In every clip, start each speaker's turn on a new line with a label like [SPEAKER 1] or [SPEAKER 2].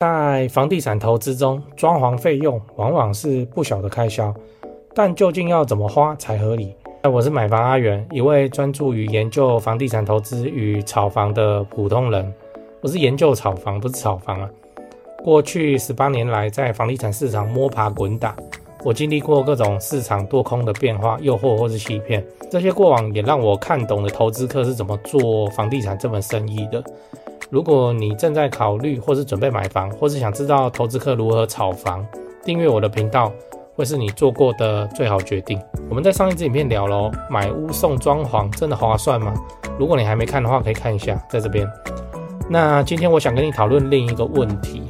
[SPEAKER 1] 在房地產投資中，裝潢費用往往是不小的開銷，但究竟要怎麼花才合理？我是買房阿元，一位專注於研究房地產投資與炒房的普通人。我是研究炒房，不是炒房啊。過去十八年來，在房地產市場摸爬滾打。我經歷過各種市場多空的變化、誘惑或是欺騙，這些過往也讓我看懂了投資客是怎麼做房地產這門生意的。如果你正在考慮或是準備買房，或是想知道投資客如何炒房，訂閱我的頻道會是你做過的最好決定。我們在上一支影片聊了，買屋送裝潢真的划算嗎？如果你還沒看的話，可以看一下，在這邊。那今天我想跟你討論另一個問題。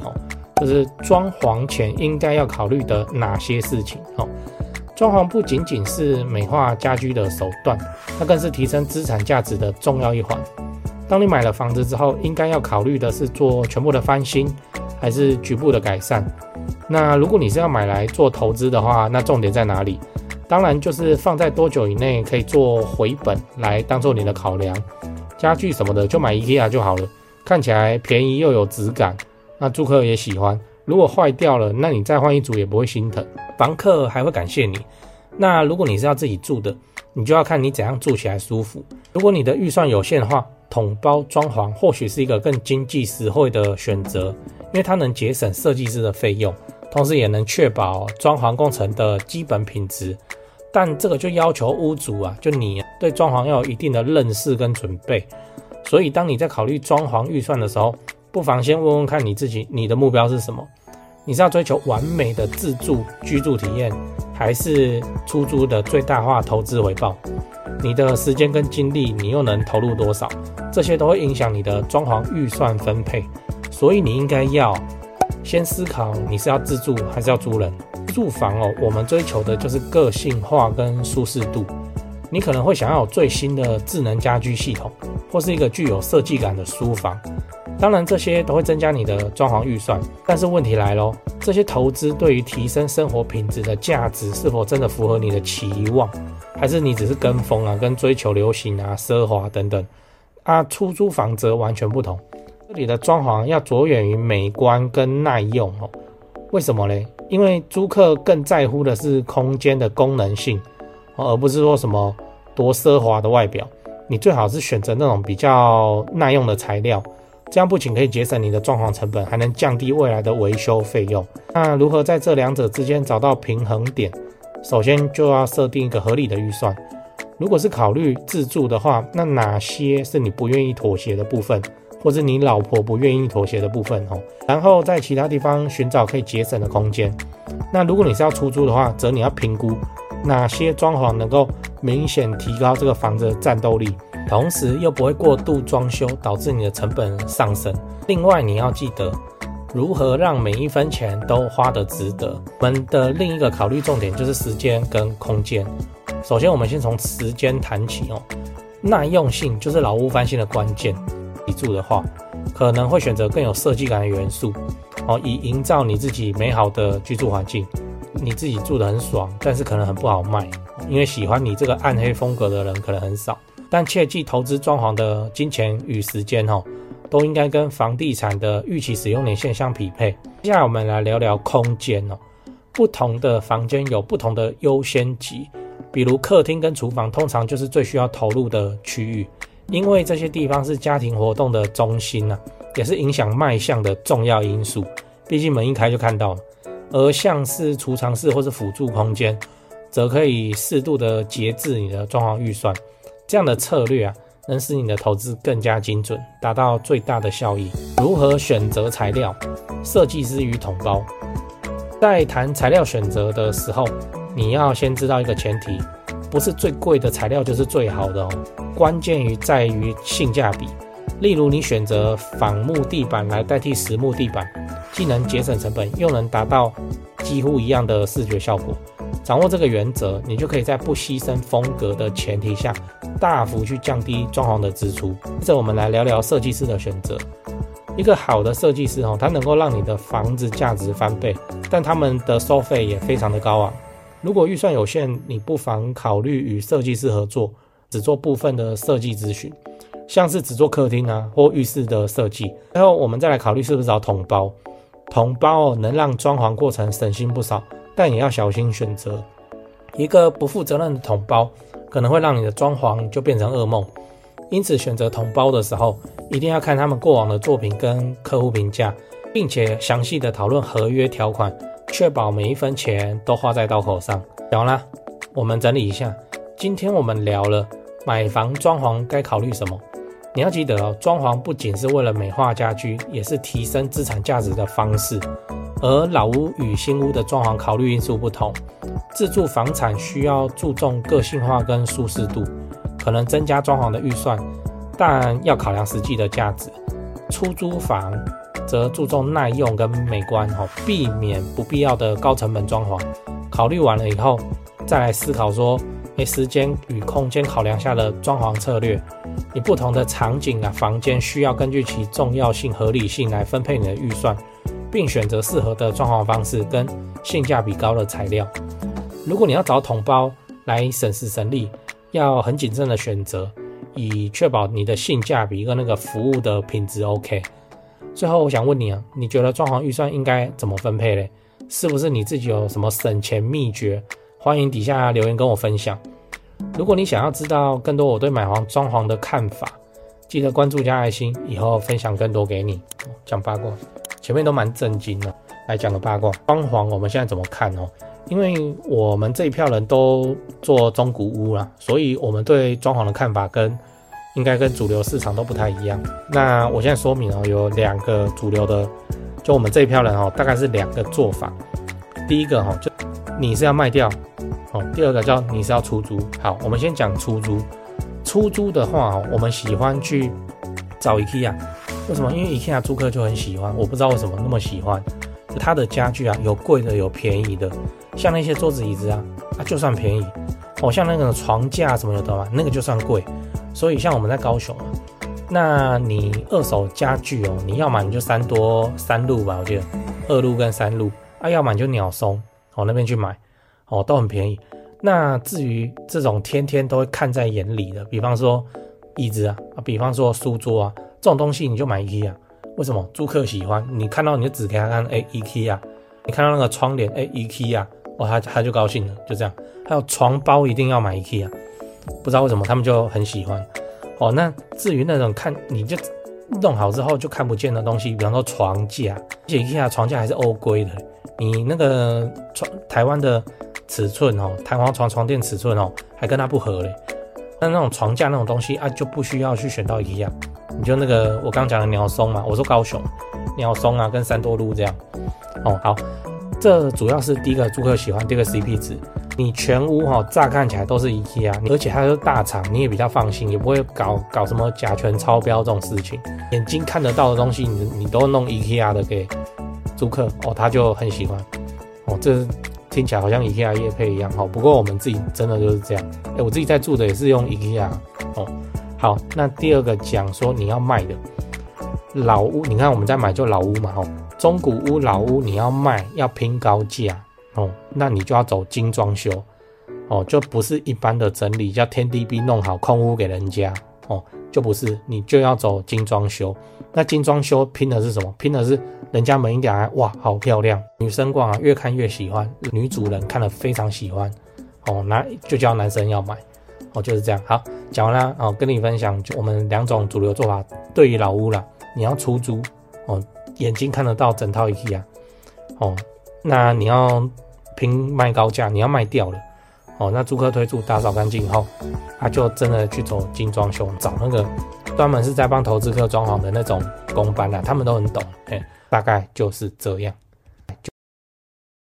[SPEAKER 1] 就是裝潢前應該要考慮的哪些事情？哦，裝潢不僅僅是美化家居的手段，它更是提升資產價值的重要一環。當你買了房子之後，應該要考慮的是做全部的翻新，還是局部的改善？那如果你是要買來做投資的話，那重點在哪裡？當然就是放在多久以內可以做回本來當做你的考量。家具什麼的就買 IKEA 就好了，看起來便宜又有質感。那租客也喜歡，如果壞掉了，那你再換一組也不會心疼，房客還會感謝你。那如果你是要自己住的，你就要看你怎樣住起來舒服。如果你的預算有限的話，統包裝潢或許是一個更經濟實惠的選擇，因為它能節省設計師的費用，同時也能確保裝潢工程的基本品質。但這個就要求屋主啊，就你對裝潢要有一定的認識跟準備。所以當你在考慮裝潢預算的時候，不妨先問問看你自己，你的目標是什麼？你是要追求完美的自住居住體驗，還是出租的最大化投資回報？你的時間跟精力，你又能投入多少？這些都會影響你的裝潢預算分配。所以你應該要先思考，你是要自住還是要租人住房哦？我們追求的就是個性化跟舒適度。你可能會想要有最新的智能家居系統，或是一個具有設計感的書房。當然，這些都會增加你的裝潢預算，但是問題來咯，這些投資對於提升生活品質的價值是否真的符合你的期望？還是你只是跟風啊，跟追求流行啊、奢華等等？啊，出租房則完全不同，這裡的裝潢要着眼於美觀跟耐用哦。為什麼嘞？因為租客更在乎的是空間的功能性，而不是說什麼多奢華的外表。你最好是選擇那種比較耐用的材料。這樣不僅可以節省你的裝潢成本，還能降低未來的維修費用。那如何在這兩者之間找到平衡點？首先就要設定一個合理的預算。如果是考慮自住的話，那哪些是你不願意妥協的部分，或是你老婆不願意妥協的部分哦？然後在其他地方尋找可以節省的空間。那如果你是要出租的話，則你要評估哪些裝潢能夠明顯提高這個房子的戰鬥力。同時又不會過度裝修，導致你的成本上升。另外，你要記得如何讓每一分錢都花得值得。我們的另一個考慮重點就是時間跟空間。首先，我們先從時間談起哦。耐用性就是老屋翻新的關鍵。你住的話，可能會選擇更有設計感的元素哦，以營造你自己美好的居住環境。你自己住得很爽，但是可能很不好賣，因為喜歡你這個暗黑風格的人可能很少。但切記，投資裝潢的金錢與時間哦，都應該跟房地產的預期使用年限相匹配。接下來我們來聊聊空間哦。不同的房間有不同的優先級，比如客廳跟廚房通常就是最需要投入的區域，因為這些地方是家庭活動的中心吶，也是影響賣相的重要因素。畢竟門一開就看到了。而像是儲藏室或是輔助空間，則可以適度的節制你的裝潢預算。這樣的策略啊，能使你的投資更加精準，達到最大的效益。如何選擇材料？設計師與統包。在談材料選擇的時候，你要先知道一個前提：不是最貴的材料就是最好的哦，關鍵於在於性價比。例如，你選擇仿木地板來代替實木地板，既能節省成本，又能達到幾乎一樣的視覺效果。掌握這個原則，你就可以在不犧牲風格的前提下。大幅去降低裝潢的支出。接着，我們來聊聊設計師的選擇。一個好的設計師哦，他能夠讓你的房子價值翻倍，但他們的收費也非常的高昂啊。如果預算有限，你不妨考慮與設計師合作，只做部分的設計諮詢，像是只做客廳啊或浴室的設計。最後，我們再來考慮是不是找統包。統包哦，能讓裝潢過程省心不少，但也要小心選擇一個不負責任的統包。可能會讓你的裝潢就變成噩夢，因此選擇統包的時候，一定要看他們過往的作品跟客戶評價，並且詳細的討論合約條款，確保每一分錢都花在刀口上。聊完啦，我們整理一下，今天我們聊了買房裝潢該考慮什麼。你要記得哦，裝潢不僅是為了美化家居，也是提升資產價值的方式。而老屋與新屋的裝潢考慮因素不同，自住房產需要注重個性化跟舒適度，可能增加裝潢的預算，但要考量實際的價值。出租房則注重耐用跟美觀，哈，避免不必要的高成本裝潢。考慮完了以後，再來思考說，誒，時間與空間考量下的裝潢策略。你不同的場景啊，房間需要根據其重要性、合理性來分配你的預算。並選擇適合的裝潢方式跟性價比高的材料。如果你要找統包來省時省力，要很謹慎的選擇，以確保你的性價比跟那個服務的品質 OK。最後，我想問你啊，你覺得裝潢預算應該怎麼分配嘞？是不是你自己有什麼省錢秘訣？歡迎底下留言跟我分享。如果你想要知道更多我對買房裝潢的看法，記得關注加愛心，以後分享更多給你。講八卦。前面都蠻震驚的，來講個八卦，裝潢我們現在怎麼看哦？因為我們這一票人都做中古屋啦，所以我們對裝潢的看法跟應該跟主流市場都不太一樣。那我現在說明哦，有兩個主流的，就我們這一票人哦，大概是兩個做法。第一個哈、哦，就你是要賣掉、哦、第二個叫你是要出租。好，我們先講出租。出租的話、哦，我們喜歡去找一個啊。為什麼？因為以前的租客就很喜歡，我不知道為什麼那麼喜歡。就他的家具啊，有貴的，有便宜的。像那些桌子、椅子啊，啊，就算便宜。哦，像那個床架什麼的嘛，那個就算貴。所以像我們在高雄啊，那你二手家具哦，你要買你就三多三路吧，我記得二路跟三路啊，要買你就鳥松哦。那邊去買，哦，都很便宜。那至於這種天天都會看在眼裡的，比方說椅子啊，啊，比方說書桌啊。這種東西你就買 IKEA 啊。為什麼？租客喜歡你看到你的紙給他看，哎、欸，IKEA 啊！你看到那個窗簾，哎、欸，IKEA 啊！哇、哦，他他就高興了，就這樣。還有床包一定要買 IKEA 啊！不知道為什麼他們就很喜歡。哦，那至於那種看你就弄好之後就看不見的東西，比方說床架，而且 IKEA 床架還是歐規的，你那個床台灣的尺寸哦，台灣床床墊尺寸哦，還跟他不合嘞。那那種床架那種東西啊，就不需要去選到 IKEA 啊你就那個我剛講的鳥松嘛、啊，我說高雄鳥松啊，跟三多路這樣，哦好，這主要是第一個租客喜歡，第二個 C P 值，你全屋哈、哦、乍看起來都是 IKEA，而且它是大廠，你也比較放心，也不會搞搞什麼甲醛超標這種事情，眼睛看得到的東西你你都弄 IKEA 的給租客，哦他就很喜歡，哦這、就是、聽起來好像 IKEA 業配一樣，哦不過我們自己真的就是這樣，哎、欸、我自己在住的也是用 IKEA 哦。好，那第二個講說你要賣的老屋，你看我們在買就老屋嘛，哦，中古屋、老屋你要賣要拼高價哦，那你就要走精裝修哦，就不是一般的整理，叫天地壁弄好空屋給人家哦，就不是，你就要走精裝修。那精裝修拼的是什麼？拼的是人家門一打開、啊，哇，好漂亮，女生逛啊越看越喜歡，女主人看了非常喜歡哦，那就叫男生要買。就是這樣。好，講完啦。哦，跟你分享，就我們兩種主流做法。對於老屋啦，你要出租，哦，眼睛看得到整套一起啊，哦，那你要拼賣高價，你要賣掉了，哦，那租客退出打掃乾淨後，他、啊、就真的去走精裝修，找那個專門是在幫投資客裝潢的那種工班啦，他們都很懂，哎、欸，大概就是這樣。